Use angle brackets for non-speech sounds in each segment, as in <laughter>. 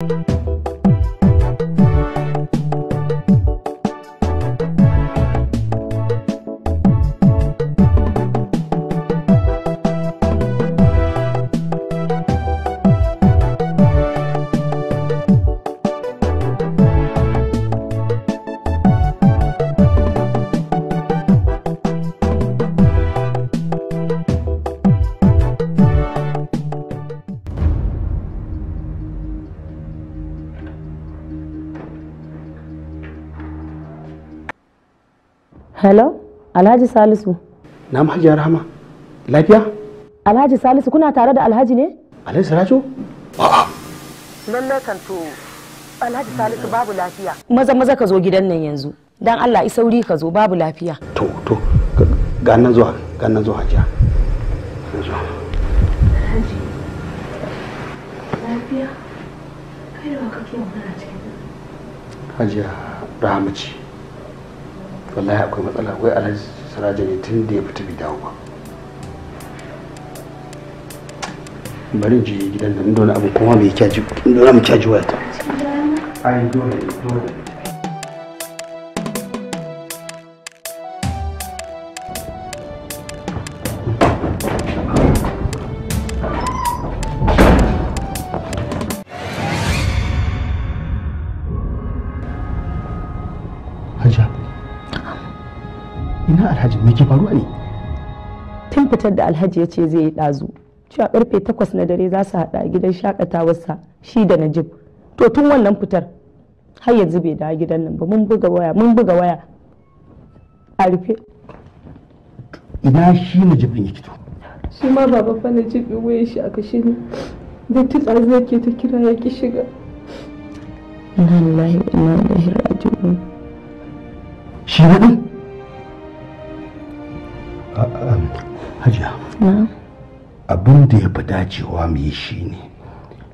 Thank you. hello alhaji salisu na hajiya rahama lafiya alhaji salisu kuna tare da alhaji ne alhaji salisu a'a kan to alhaji salisu babu lafiya maza maza ka zo gidan nan yanzu dan Allah isa wuri ka zo babu lafiya to to ga nan zuwa ga nan zuwa hajiya hajiya rahama ce wallahi akwai matsala akwai alhaji sarajani tun da ya fita bai dawo ba bari je gidan da dole abu kuma bai kyaji dole mu kyaji ai dole dole alhaji me ke faruwa ne tun fitar da alhaji ya ce zai yi ɗazu cewa karfe takwas na dare za su haɗa gidan shakatawarsa shi da najib to tun wannan fitar har yanzu bai dawo gidan nan ba mun buga waya mun buga waya a rufe ina shi najib ɗin yake shi ma baba fa najib ɗin waya shi a kashe ne da ta zai ke ta kira ya ki shiga ya yi wa shi hajiya abin da ya fi dacewa mu yi shi ne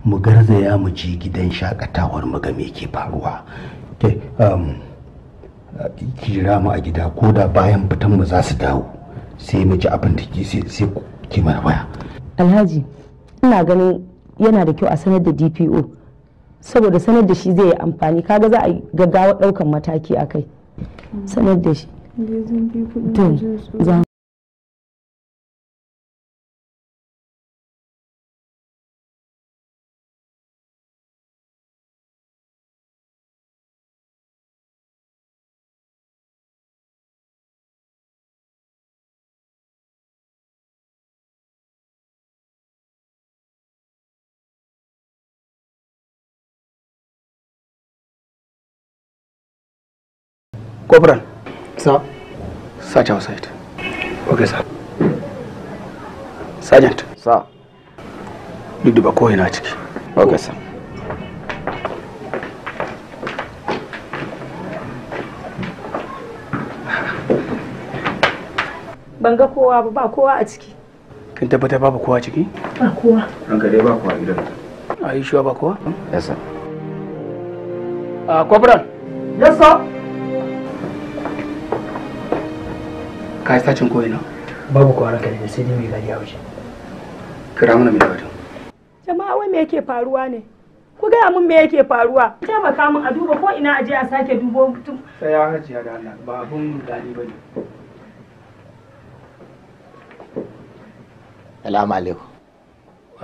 mu garzaya mu je gidan shakatawar mu ga me ke faruwa um, kira mu a gida ko da bayan fitan mu za su dawo sai mu ji abin da sai ke mara waya alhaji ina ganin yana da kyau a sanar da dpo saboda sanar da shi zai yi amfani kaga za a gaggawa daukan mataki a kai sanar da shi za corporal sir search site. okay sir sergeant sir duba ko ina ciki okay sir ban ga kowa ba ba kowa a ciki kin tabbata babu kowa ciki ba kowa an ka dai ba kowa gidan a yi shuwa ba kowa yes sir a uh, corporal yes sir ka yi sacin ko ina babu ko kare da sai dai mai gari a waje kira mana mai wato jama'a wai me yake faruwa ne ku ga mun me yake faruwa taimaka min a duba ko ina a je a sake dubo mutum sai ya ya da Allah ba abun gani ba ne Salamu alaikum.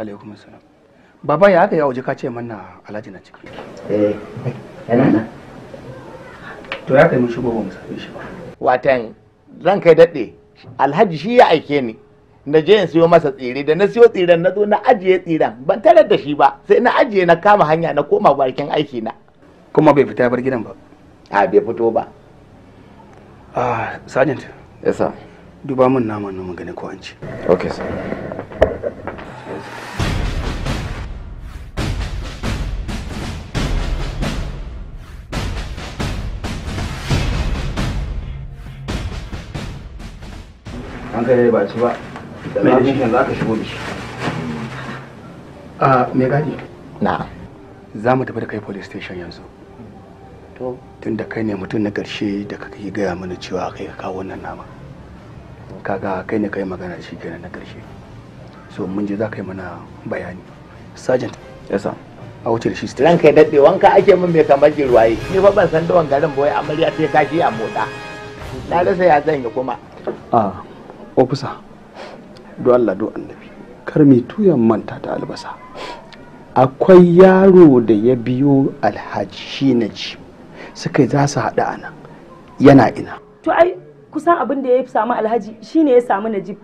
Alaikum assalam Baba ya ga ya waje ka ce mana Alhaji na ciki. Eh, yana nan. To ya kai mun shigo ba mu sabe shi ba. Watan zan kai daɗe alhaji shi ya aike ni na je in siyo masa tsire da na siyo tsiren na zo na ajiye tsiren ban tarar da shi ba sai na ajiye na kama hanya na koma barkin aiki na kuma bai fita bar gidan ba a bai fito ba ah sergeant yes sir duba min naman mu magana ko an ci okay sir an kai ba ci ba da shan za ka shigo da shi a gadi na za mu tafi da kai police station yanzu to tun da kai ne mutum na karshe da ka yi gaya mana cewa kai ka kawo wannan nama kaga kai ne kai magana shi kenan na karshe so mun je za ka yi mana bayani sergeant yes sir a wuce da shi station ranka ya daɗe wanka ake min mai kamar jirwaye ni fa ban san da wangarin boye amarya ta kashi a mota na rasa ya zan yi kuma ah ofisa do Allah do annabi kar mai tuyan manta da albasa akwai yaro da ya biyo alhaji shi na ji suka za su haɗu a nan yana ina to ai kusan abin da ya samu alhaji shine ya samu najib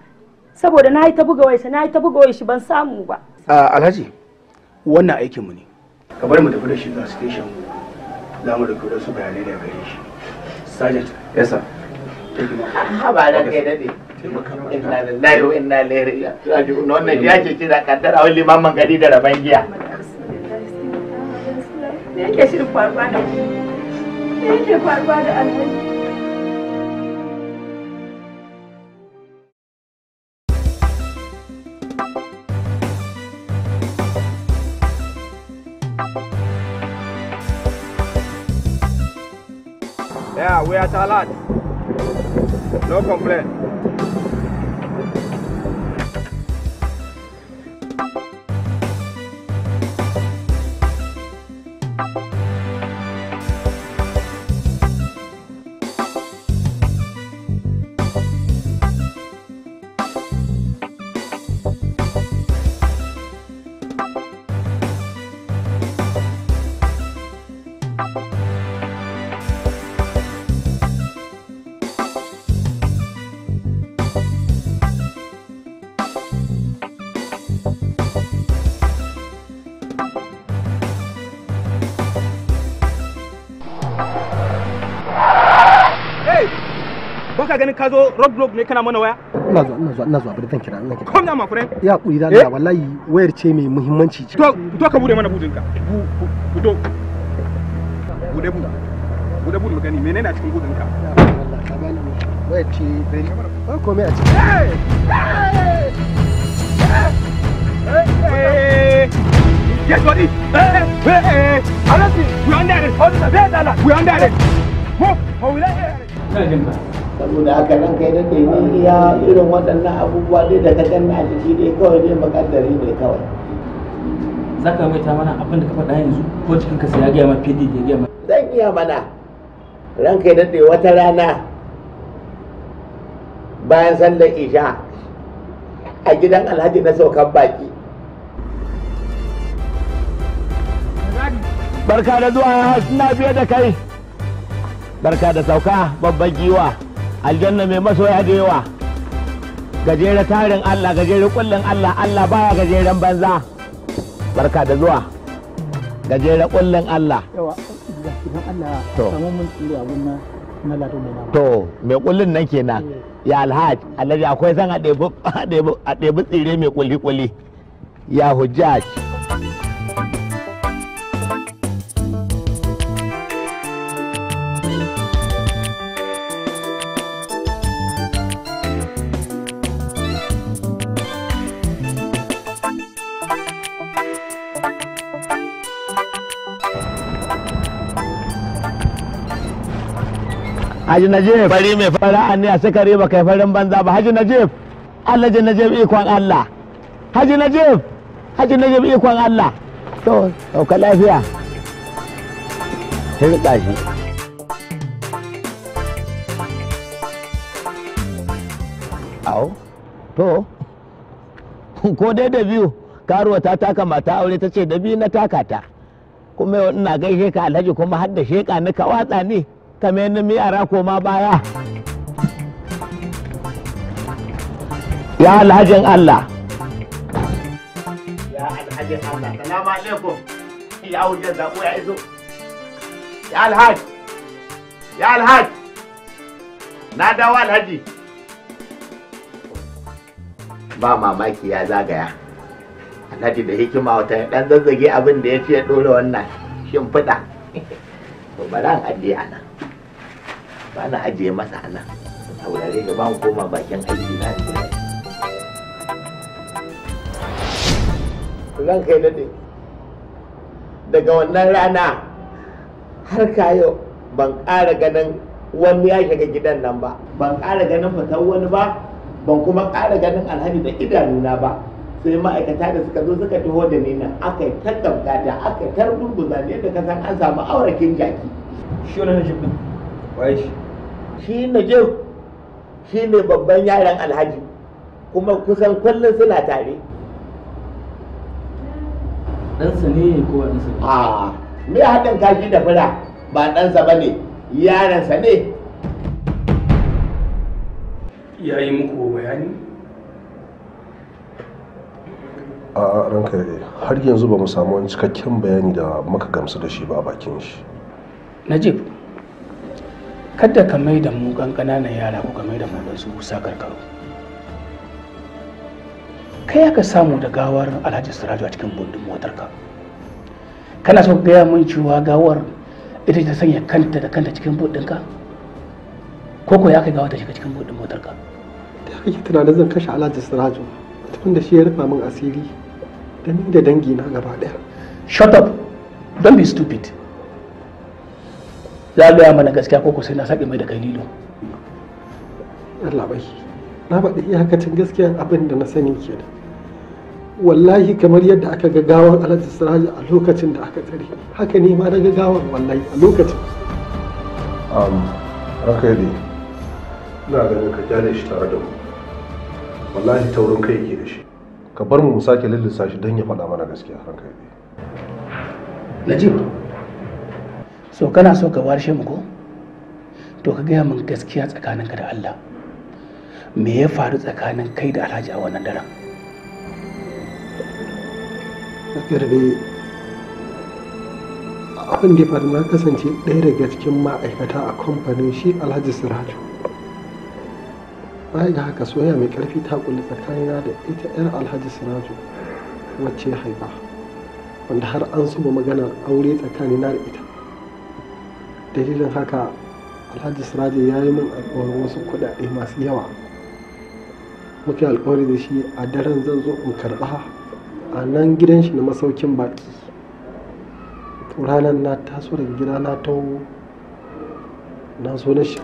saboda na yi ta buga wayarsa na yi ta buga shi ban samu ba alhaji wannan aikin mu ne ka bar mu tafi da shi zuwa station za mu dauki su bayanai da gare shi sergeant yes sir ha ba da kai dade inna lillahi wa inna ilaihi raji'un wannan kira kaddara wani gari da raban giya me yake shirin da me yake da alhaji Yeah, we are Talat. No complaint. ganin ka zo road block ne kana mana waya ina zo ina zo ina zo bari kira ina kira ma ya kuri da Allah wallahi wayar ce mai muhimmanci to to ka bude mana budin ka budo bude bu bude bu magani menene a cikin budin ka wallahi ka bani wayar ce very ba komai a cikin Yes, what is? Hey, hey, hey! Honestly, we under it. We under it. Move, we saboda haka nan kai da ke ni iya irin waɗannan abubuwa dai da ka ganna a jiki dai kawai dai makaddari ne kawai za ka mai ta mana abin da ka faɗa yanzu ko cikin ka sai ya gaya ma pd ya gaya ma zan iya mana ran kai daɗe wata rana bayan sallar isha a gidan alhaji na saukan baki barka da zuwa na biye da kai barka da sauka babban giwa aljanna mai masoya da yawa gajere tarin Allah gajere kullun Allah Allah baya gajeren banza barka da zuwa gajere kullun Allah to to mai kullun nan kenan eh. ya alhaj alhaji akwai zan <laughs> a ɗebi tsire mai kulli-kulli ya hujjaji Haji Najib. Fari mai fara a ne a sakare ba kai farin banza ba Haji Najib. Allah ji Najib ikon Allah. Haji Najib. Haji Najib ikon Allah. To, sauka lafiya. Sai riƙa shi. Au, to, <laughs> ko dai da biyu, karuwa ta taka mata aure ta ce da biyu na taka ta. Kuma ina gaishe ka alhaji kuma har da sheka ni ka watsa ni. kamar yadda mai ara koma baya ya alhajin Allah ya alhajin Allah salamu alaikum ya wujen zaɓo ya iso ya alhaji ya alhaji na dawo alhaji ba mamaki ya zagaya alhaji da hikima wata ɗan zazzage abin da ya ce ɗora wannan shimfiɗa ba <laughs> bari an ajiye a nan ba na ajiye masa a nan saurare ga ba mu koma bakin aiki na ne ran kai ne daga wannan rana har ka yau ban ƙara ganin wani ya shiga gidan nan ba ban ƙara ganin fitar wani ba ban kuma ƙara ganin alhani da idanuna ba sai ma'aikata da suka zo suka taho da ni nan aka yi ta da aka yi ta rubuza ne da kasan an samu aurakin jaki shi wani na jibin waye shi shi najib shi ne babban yaran alhaji kuma kusan kullum suna tare ɗansa ne ko ɗansa ne a me haɗin kashi da fura ba ɗansa ba ne yaransa ne ya yi muku bayani a ranka yare har yanzu ba mu samu wani cikakken bayani da muka gamsu da shi ba bakin shi najib kada ka mai da mu ƙananan yara ko ka mai da mu da su sa karkaro kai aka samu da gawar alhaji siraju a cikin bundin motarka kana so gaya min cewa gawar ita ta sanya kanta da kanta cikin ka. ko ko ya kai gawar ta shiga cikin buɗin motarka da kake tunanin zan kashe alhaji siraju tun da shi ya rufa min asiri da ni da dangi na gaba daya shut up don't be stupid za gaya mana gaskiya ko sai na saƙi mai da kai lilo Allah bai na faɗi iyakacin gaskiya abin da na sani ke da wallahi kamar yadda aka ga gawan alhaji siraji a lokacin da aka tsare haka ne ma na ga gawan wallahi a lokacin um haka ne ina ganin ka kyale shi tare da mu wallahi taurin kai yake da shi ka bar mu mu sake lullusa shi don ya faɗa mana gaskiya ranka ne najib so kana so ka warshe mu ko to ka gaya min gaskiya tsakaninka da Allah me ya faru tsakanin kai da Alhaji a wannan daren abin da faru na kasance ɗaya daga cikin ma'aikata a kamfanin shi Alhaji Siraju baya ga haka soya mai karfi ta kulli tsakanina da ita 'yar Alhaji Siraju wacce haifa wanda har an zuba magana aure tsakanina da ita dalilin haka alhaji siraji ya yi min alkawarin wasu kuɗaɗe masu yawa muke alkawari da shi a daren zan zo in karɓa a nan gidan shi na masaukin baki ranar na taso daga gida na tau na zo na shi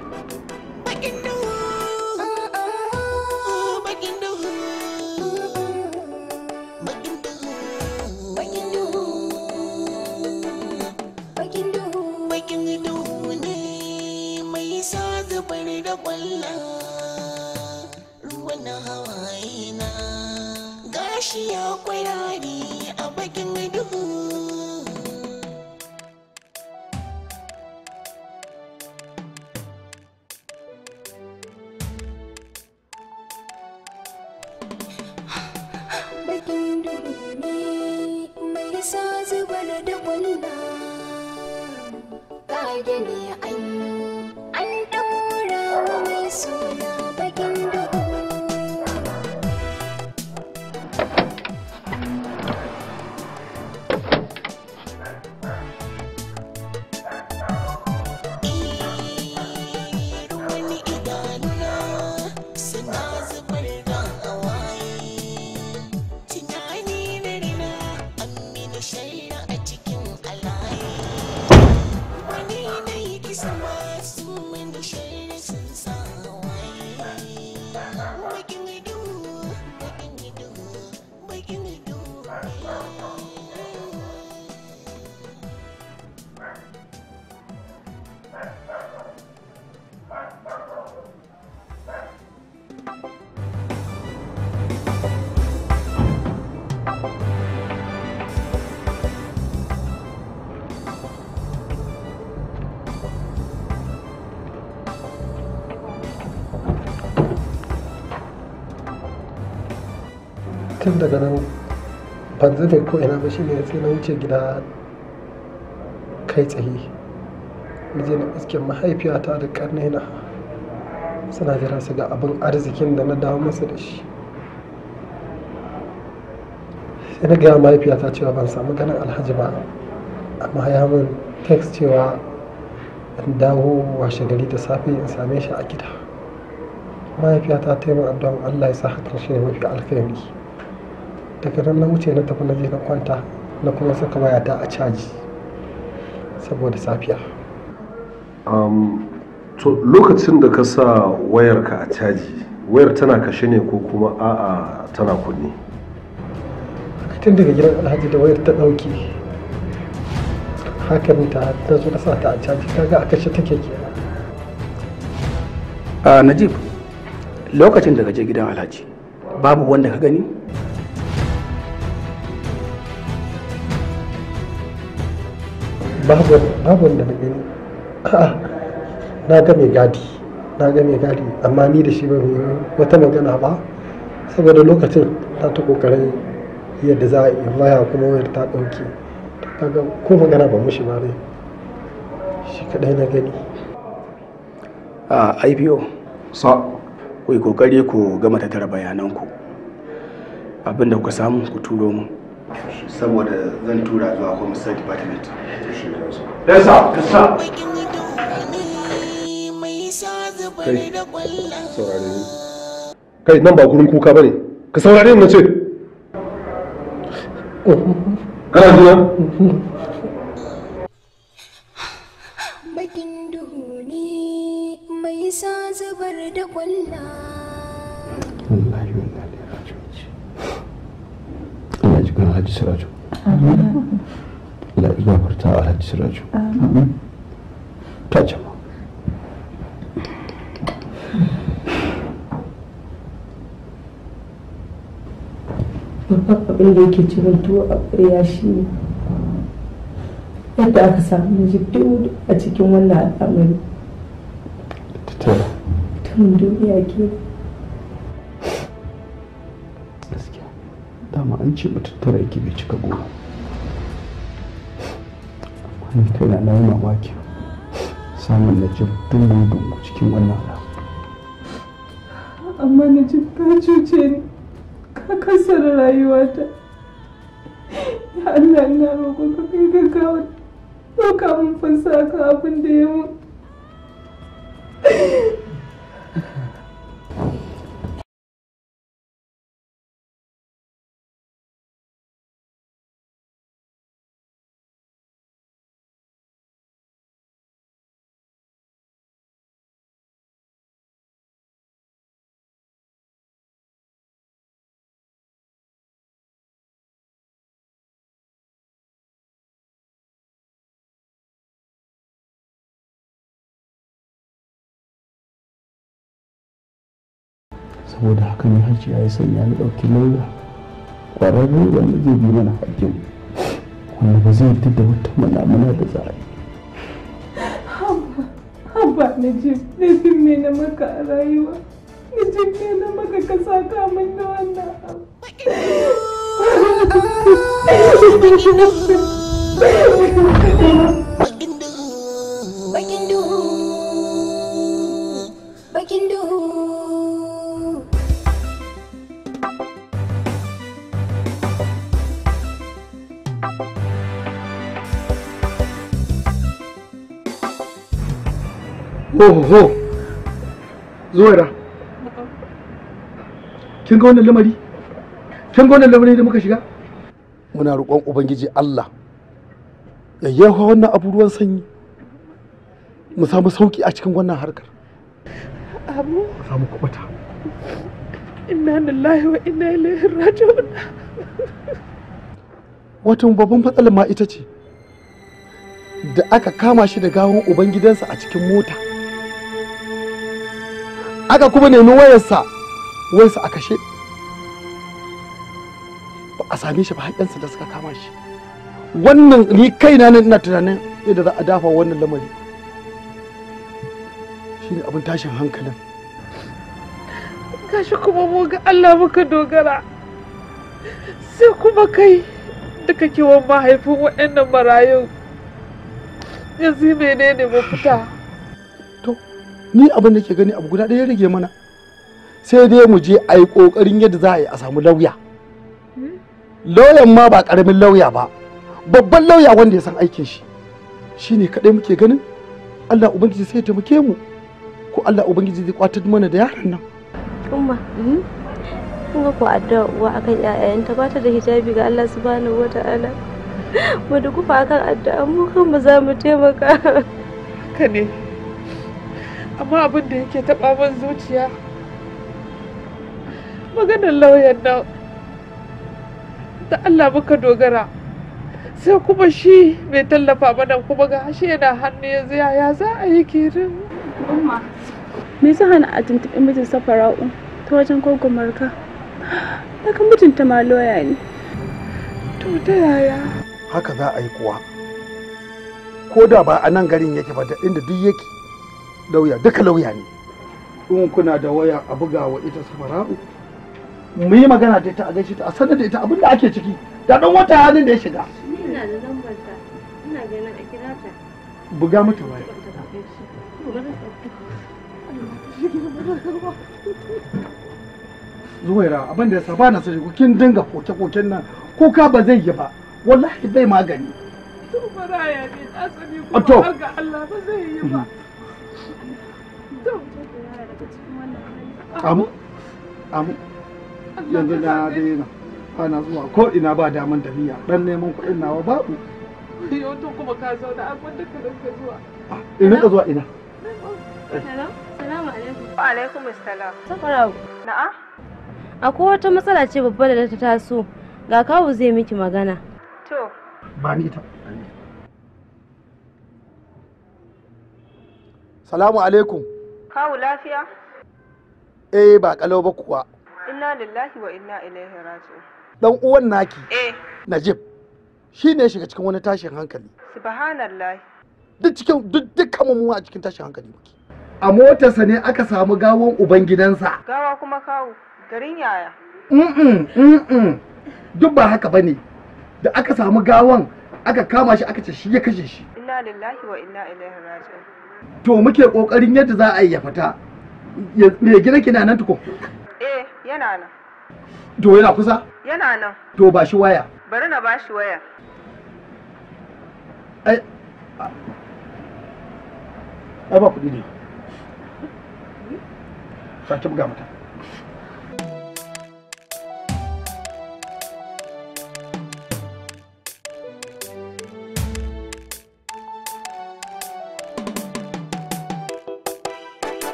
tun daga nan ban zube ko ina ba shine sai na wuce gida kai tsaye je na mahaifiyata da na suna jira su ga abin arzikin da na dawo masu da shi sai na gaya mahaifiyata cewa ban samu ganin alhaji ba amma ya mun text cewa in dawo wa gari da safe in same shi a gida mahaifiyata ta yi addu'an allah ya sa hakan shi ne mafi alkhairi daga nan na wuce na tafi na je na kwanta na kuma saka wayata a caji saboda safiya um, to lokacin da ka sa wayarka a caji wayar tana kashe ne ko kuma a'a tana kunne tun daga gidan alhaji da wayar ta ɗauke hakan ta ta zo sa ta a caji ta ga a kashe take ke a ah, najib lokacin da ka je gidan alhaji babu wanda ka gani babu babu wanda na gani <clears throat> na ga mai gadi na ga mai gadi amma ni da shi ba mai wata magana ba saboda lokacin ta ta kokarin yadda za a yi waya kuma wayar ta ɗauke kaga ko magana ba mushi ba dai shi kadai na gani a ipo sa ku yi kokari ku gama tattara bayananku abinda kuka samu ku turo mu saboda zan tura zuwa komisar department ɗansa ɗansa kai saurare ni kai nan ba gurin kuka bane ka saurare ni na ce kana jina bakin duhu ne mai sa zubar da kwallaye alhaji siraju Allah gafarta alhaji siraju ta jama babban abin da yake cikin tuwo a ƙarya shi ne yadda aka samu jiddu a cikin wannan al'amari tun duniya ke dama an ce mutum tara yake bai cika goma wani kai na yi mamaki samun na jib dungu cikin wannan ala. amma na jib ka cuce ni ka kasar rayuwata ya Allah na roƙo ka kai gaggawa ɗauka mun fasa ka abin da ya mun saboda haka ne hajji ya yi sanya na ɗauki lauya ƙwararre wanda zai bi mana haƙƙin wanda ba zai yi da wata mana da za a yi haba na ji laifin mai na maka a rayuwa na ji mai na maka ka saka min da wannan abu <laughs> Oh oh Zuwaira, kin ga wannan lamari? Kin ga wannan lamari da muka shiga? Muna roƙon Ubangiji Allah ya yawa wannan abu ruwan sanyi mu samu sauƙi a cikin wannan harkar. Abu. Mu samu kubata. Inna lillahi wa inna ilaihi raji'un. Wato babban matsalar ma ita ce da aka kama shi da gawon ubangidansa a cikin mota. aka kuma nemi wayarsa wayarsa a kashe ba a same shi ba haƙƙinsa da suka kama shi wannan ni kaina ne ina tunanin yadda za a dafa wannan lamari shi ne abin tashin hankalin gashi kuma mu ga Allah muka dogara sai kuma kai da kake wa mahaifin waɗannan marayun yanzu menene mafita ni abin da ke gani abu guda ɗaya rage mana sai dai mu je a yi ƙoƙarin yadda za a yi a samu lauya hmm? lauyan ma ba ƙaramin lauya ba babban lauya wanda ya san aikin shi shi ne kaɗai muke ganin allah ubangiji sai ya taimake mu ko allah ubangiji zai kwatar mana da yaran nan umma hmm? kun ga ko addu'a uwa akan ba ta da hijabi ga allah subhanahu wata'ala mu dukufa akan addu'a mu kan mu za mu taimaka ne amma abin da yake taɓa min zuciya maganar lauyan nan da Allah muka dogara sai kuma shi bai tallafa mana kuma ga shi yana hannu yanzu yaya za a yi kirin me yasa hana a tuntuɓi mijin safara'u ta wajen kogomarka daga mijinta ma loya ne to ta yaya haka za a yi kuwa ko da ba a nan garin yake ba da inda duk yake lauya duka lauya ne in kuna da waya a buga wa ita safara'u mu yi magana da ita a gaishe ta a sanar da ita abin da ake ciki da dan wata halin da ya shiga ina da lambar ta ina ganin a kira ta buga mata waya zuwaira abin da ya saba na sai kin dinga koke-koken nan kuka ba zai yi ba wallahi bai magani to ba ya ne ko ga Allah ba zai yi ba mm-hmm. amu amu yanzu na daina ana zuwa ko ina ba daman da niyya dan neman kuɗin nawa babu yau to kuma ka zauna a gwanda ka rinka zuwa ah, in rinka zuwa ina Salamu alaikum. Wa alaikum assalam. Safarau. Na'a? Akwai wata matsala ce babba da ta taso. Ga kawu zai miki magana. To. Ba ni ita. Salamu alaikum. kawu lafiya eh ba kalau ba kuwa inna lillahi wa inna ilaihi raji'un dan uwan naki eh najib shi ne shiga cikin wani tashin hankali subhanallah duk cikin duk dukkan mu a cikin tashin hankali muke a motarsa ne aka samu gawon ubangidansa gawa kuma kawu garin yaya mm mm duk ba haka bane da aka samu gawon aka kama shi aka ce shi ya kashe shi inna lillahi wa inna ilaihi raji'un to muke kokarin yadda za a yi ya fita me gina kina nan tuko eh yana nan to yana kusa yana nan to ba shi waya bari na ba shi waya ai ai ba kuɗi ne sake buga mata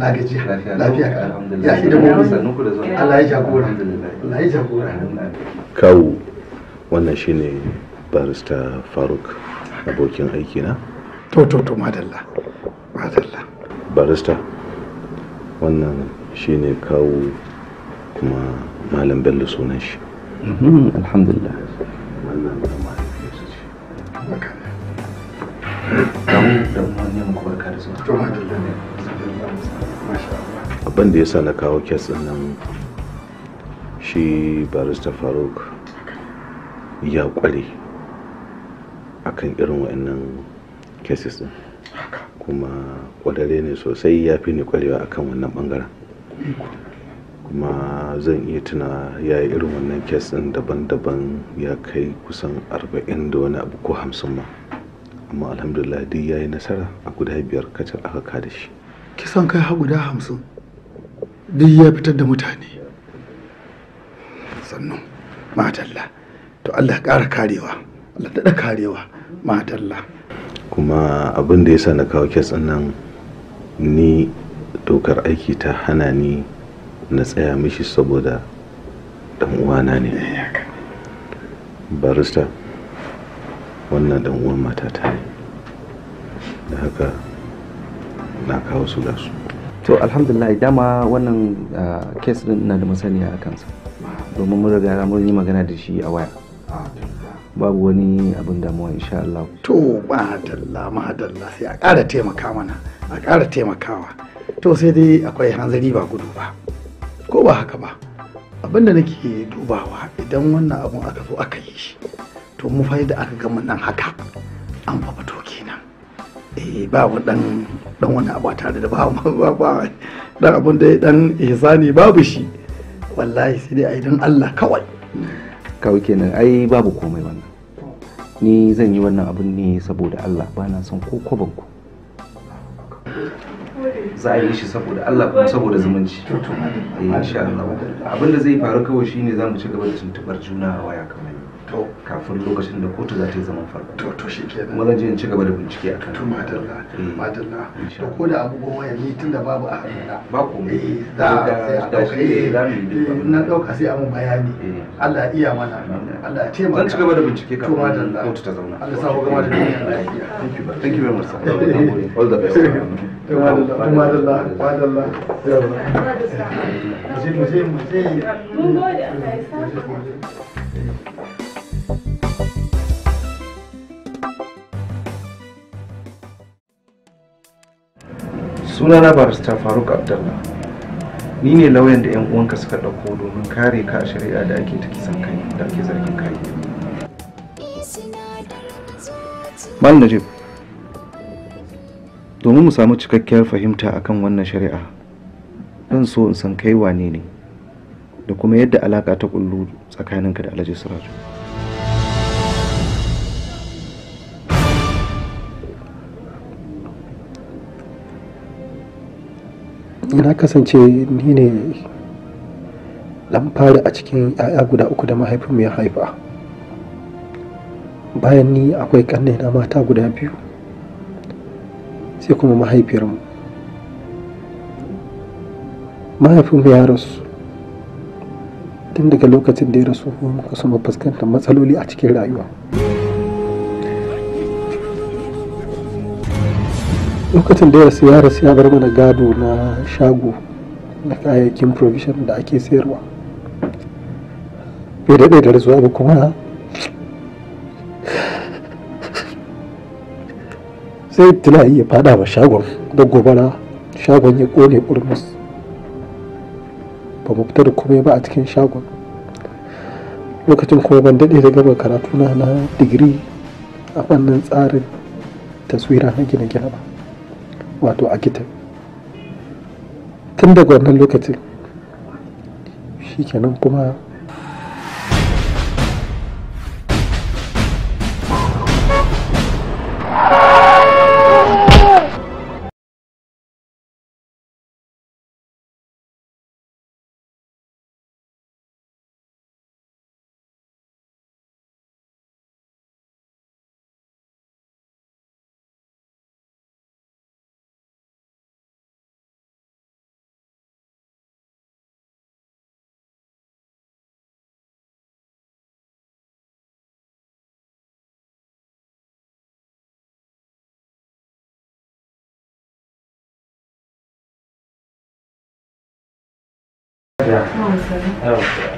na gaji lafiya ya shi da gobe Allah ya jagora Allah ya jagora kawo wannan shine barista faruk abokin aiki na to to to madalla madalla barista wannan shine kawo kuma malam bello sunan shi mhm, alhamdulillah wannan da mu da mu ne mu kuma da zuwa to madalla ne abin da ya sa na kawo kes nan shi barista faruk ya kware akan irin wa'annan cases din kuma kwadare ne sosai ya fi ni kwarewa akan wannan bangaren kuma zan iya tuna ya yi irin wannan kes din daban-daban ya kai kusan 40 da wani abu ko 50 ma amma alhamdulillah duk ya yi nasara a guda biyar kacal aka kada shi kisan kai ha guda hamsin. duk ya fitar da mutane sannan matalla to allah ƙara karewa allah daɗa karewa matalla kuma abin da ya sa na kawo kes nan ni dokar aiki ta hana ni na tsaya mishi saboda dan uwana eh, ne barista wannan dan uwan matata ne da haka na kawo su da su to alhamdulillah dama wannan kes ah, din ina da masaniya a kansa domin mun riga mun yi magana da shi a waya babu wani abin damuwa insha Allah to ma mahadalla sai a ƙara taimaka mana a ƙara taimakawa to sai dai akwai hanzari ba gudu ba ko ba haka ba abin da nake dubawa idan wannan abun aka zo aka yi shi to mu fa da aka gama nan haka an fa fito Eh, ba wa dan dan wani abu tare da <laughs> ba ba ba dan abun da dan ihsani babu shi wallahi sai dai ai dan Allah kawai kawai kenan ai babu komai wannan ni zan yi wannan abun ne saboda Allah ba na son ko kwaban ku za a yi shi saboda Allah kuma saboda zumunci eh insha Allah abinda zai faru kawai shine zamu ci gaba da tuntubar juna a waya kamar kafin lokacin da kotu za ta yi zaman farko to to kenan kuma zan je in ci gaba da bincike akan to madalla eh, madalla to ko da abubuwan waya ni da babu a hannuna ba eh, eh, da da da na dauka sai amun bayani Allah iya mana Allah ya taimaka zan ci gaba da bincike kafin to kotu ta zauna Allah ya sa ku gama da duniya lafiya thank you thank you very much all the best <laughs> to madalla to madalla madalla sunana barista faruk abdallah ni ne lauyan da 'yan uwanka suka ɗauko domin kare ka a shari'a da ake ta kisan kai da ake zargin kai mal najib domin mu samu cikakkiyar fahimta akan wannan shari'a zan so in san kai wane ne da kuma yadda alaka ta kullu tsakaninka da alhaji rasu. na kasance ni ne lamfari fari a cikin 'ya'ya guda uku da mahaifinmu ya haifa bayan ni akwai kanne na mata guda biyu sai kuma mahaifiyarmu mahaifinmu ya rasu tun daga lokacin da ya rasu muka suma fuskantar matsaloli a cikin rayuwa lokacin da ya rasu ya rasu ya bar mana gado na shago na kayayyakin provision da ake sayarwa bai daɗe da rasuwa ba kuma sai tilayi ya fada wa shagon da gobara shagon ya ƙone ƙurmus ba mu fita da komai ba a cikin shagon lokacin kuma ban daɗe da gaba karatu na digiri a fannin tsarin taswira na gina gina ba wato a architect tun daga wannan lokacin shikenan kuma Okay.